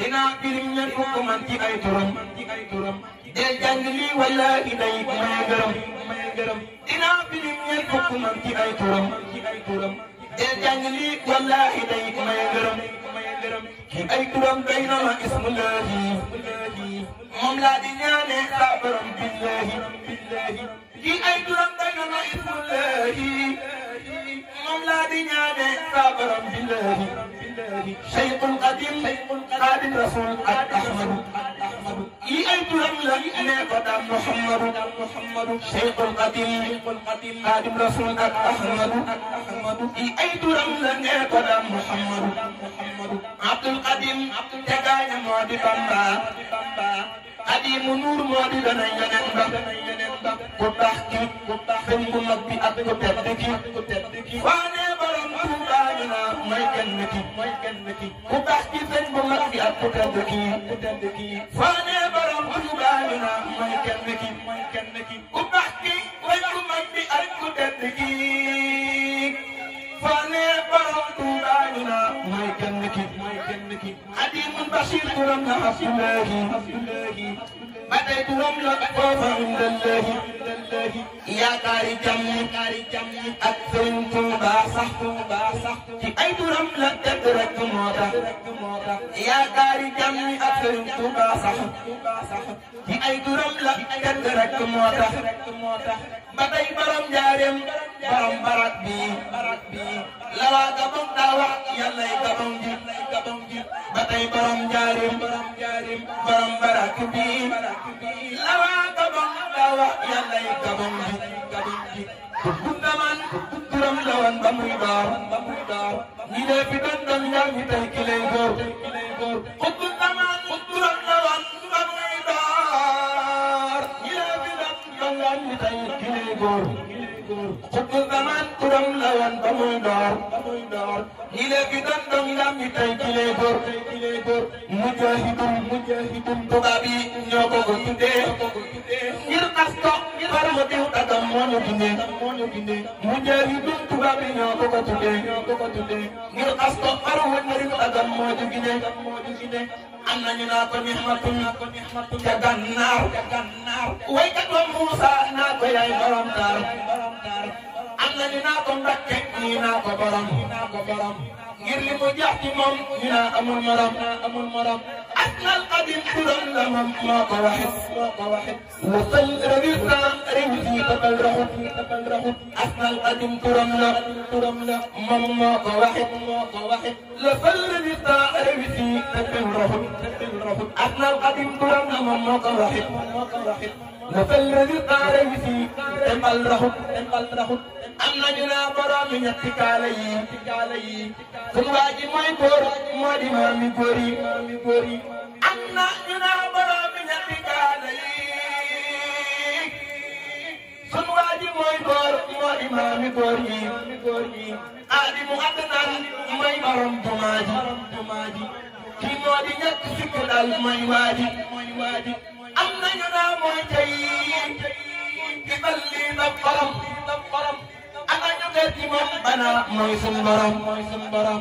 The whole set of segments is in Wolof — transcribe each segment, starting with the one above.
dinaa filim ñan fukk man ci ay turam del jàng lii wallaahi day may gërëm dinaa filim ñan fukk man ci ay turam del jàng lii wallaahi day day na ma ismullaahi moom laa di ñaanee saa ay turam day na ma ismullaahi moom laa di شيخ قديم قادم رسول قد أحمد إي أي تلم لم نبدا محمد محمد شيخ قديم قادم رسول قد أحمد إي أي تلم لم نبدا محمد عبد القديم تجاي مودي بامبا قديم نور مودي دنا ينبا كبحكي كبحكي كبحكي كبحكي كبحكي yàlla mooy kenn ki mooy kenn ki ku baax ci sëñ bu mag bi ak ku tedd ki ku tedd ki foo nee borom Tuuba na mooy kenn ki mooy kenn ki ku baax ci sëñ bu mag bi ak ku tedd ki foo nee borom Tuuba na mooy kenn ki mooy kenn ki Xadiimun Basiir turam na Abdullaahi Abdullaahi ba tey turam la foofa indallahi yaakaari jàmm yaakaari jàmm xam la tëdd rek moo tax yaakaari jàmm ñi ak sëriñ Tuuba sax ci ay turam la tëdd rek moo tax ba tey baram njaareem baram barak bi la waa Gabon daa wax yàllay Gabon ji ba tey baram njaareem baram barak bi la waa Gabon daa wax yàllay Gabon ji bu man turam la woon ba muy baar mi tey ki lay góor xutbu zaman turam na wan banuy daar ñi la bi dam bangam mi tey ki lay góor xutbu zaman turam la wan banuy daar ñi la bi dam bangam mi tey ki lay góor mujahidum mujahidum tubaab yi ñoo ko ko tuddee ngir xas ko قرمته تضمن دنيا مجاهد تبابنا كوكتلي مرقص أروه النريب تضمن دنيا am nañu naa ko nixmatu ca gànnaaw waykat wa Moussa naa ko yaay borom taar am nañu naa ko Mbàkke nii naa ko borom ngir li mu jax ci moom ñu naa amul morom amul morom al qadim turam lahum maa ko waxit maa ko waxit mosal rëwir naa réew fii tafal raxut fii tafal raxut asnal qadim turam la turam la moom moo ko waxit moo ko waxit lafal rëwir naa réew fii tafal raxut tafal raxut asnal qadim turam la moom moo ko waxit moo ko waxit dafa lëri xaare wi fii te mbal raxut te mbal raxut am nañu naa borom yi ñetti kaala yi kaala yi suñu waa ji mooy góor moo di maami góor yi maami góor yi am na ñu naa borom yi ñetti kaala yi suñu waa ji mooy góor moo di maami góor yi maami góor yi ah di mu addanaan mooy borom jumaa ji jumaa ji kii moo di ñett sikk dal mooy waa ji mooy waa ji am nañu naa mooy tey di bal lii la borom ana ñu def ci moom bana mooy sunu borom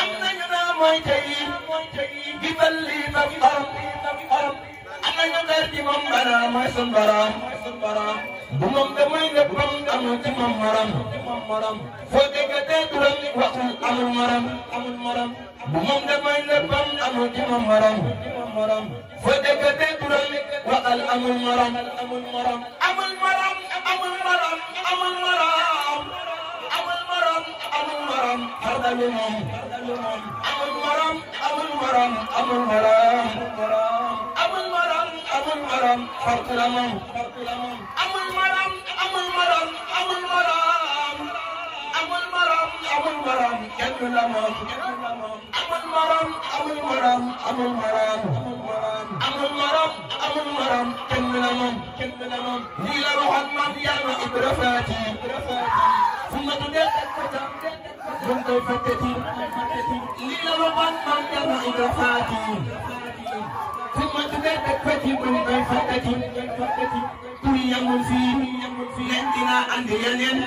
am nañu naa mooy tey di bal lii la borom ana ñu def ci moom bana mooy sunu borom bu moom de mooy lépp moom amul ci moom morom foo dégg tey turam waxul amul morom amul morom. moom damay nëbbam amul di ma morom foo dëkk dee turam waxal amul morom amul morom amul morom amul morom amul morom amul morom amul morom xardalu moom amul morom amul morom amul morom amul morom amul morom fartula moom amul morom amul morom amul morom amul morom amul morom kenn la moom maram amul maram amul maram amul maram amul maram kenn la moom kenn la moom lii la waxoon man yàlla Ibra Faati fu nga tuddee bu nga koy fàttati lii la waxoon man yàlla Ibra Faati fu nga tuddee fàttati bu nga koy fàttati tur yamul fii nen dina andi yeneen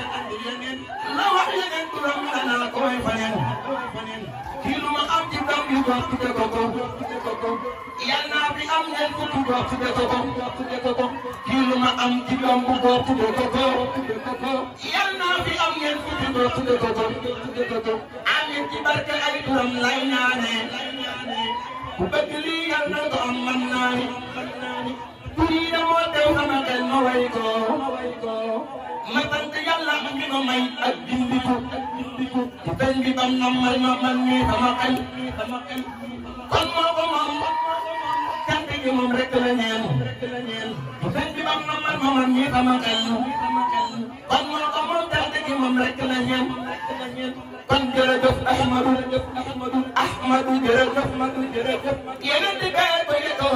yal naa fi am ngeen ko góor tuddee ko ko kii lu ma am ci doom bu góor tuddee ko ko yal naa fi am ngeen ko góor tuddee ko ko amiin ci barke ay turam lay ñaane ku bëgg lii yal na ko am man naa ni ku nii damoo teew sama xel ma way ko ma sant yàlla am bi ma may ak dindiku ku benn bi bam na man ma man mii sama xel fan moo ko moom kàddu gi moom rek la ñeel bu fekk bam na man ma man ñi sama xel fan moo ko moom kàddu gi moom rek la ñeel kon jërëjëf Ahmadou Ahmadou li ko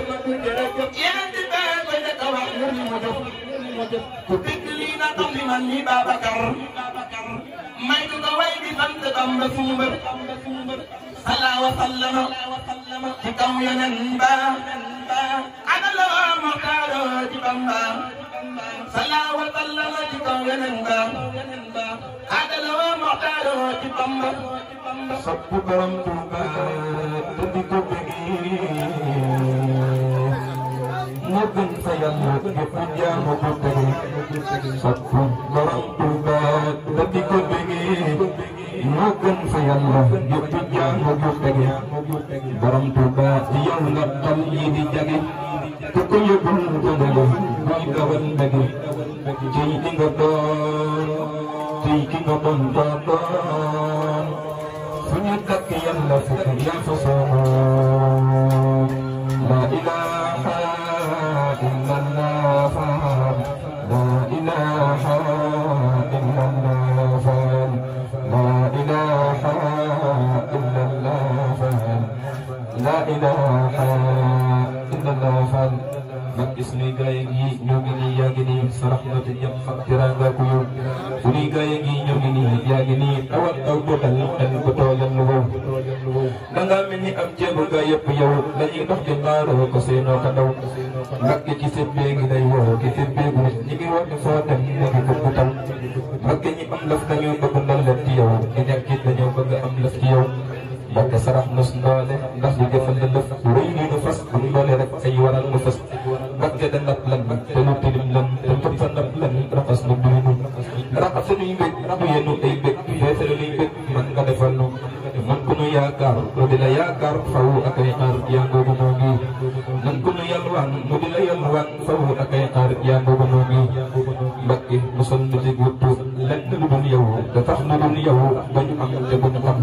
wax li mu li Babacar may ko ko way bi sant Bamba suñu mbër salaa wa sallama ci kaw yeneen ba ana la mu taaroo ci Bamba salaa wa sallama ci kaw yeneen ba ana la mu taaroo ci Bamba sopp borom Tuuba te di ko bëgg وبن فيلا يا مبتغي صدق مرحب بدك بني وبن فيلا يا مبتغي برم توبا يوم التمييز جدي تكون يبن تدلي ويدون بدي جيدي غدون جيدي غدون غدون فنيتك يلا فكر يا فصول sa raxmati ñam xam teraanga ku yow bu nuy gaay a ngi ñoo ngi nii yaa ngi nii awal aw dogal xel bu tooyan lu wow danga mel ni am jéego gaa yëpp yow dañuy dox di maaroo ko seenoo ka daw Mbakke ci seen bee gi day woo ci seen bee gu ñi ngi wax soo dem nekk ko bu taw Mbakke ñi am laf dañoo bëgg ndal laf ci yow di ñàkk it dañoo bëgg am laf ci yow Mbakke sarax mos ndoole ndax di jëfal la lëf rëy ñu fas bu ndoole rek ay waral mu fas Mbakke dana rab suñuy mbég yéenu ay mbég feesal luy mbég man nga defal nu man ku nu yaakaar mu di la yaakaar faw ak ay xaar yaa boobu moo ngi man ku nu yalwaan mu di la yalwaan faw ak ay xaar yaa boobu moo ngi mbakki musal nu ci wuttu lenn lu dul yow da tax lu dul yow dañu am te bu ñu xam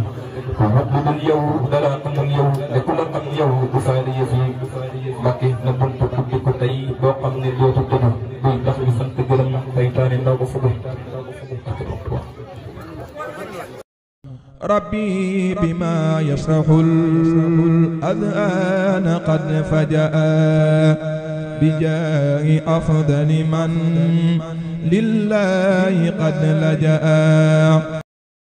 ku mat lu dul yow dara amul yow ne ku la am yow bu faale yëf yi ربي بما يشرح الأذان قد فجأ بجاه أفضل من لله قد لجأ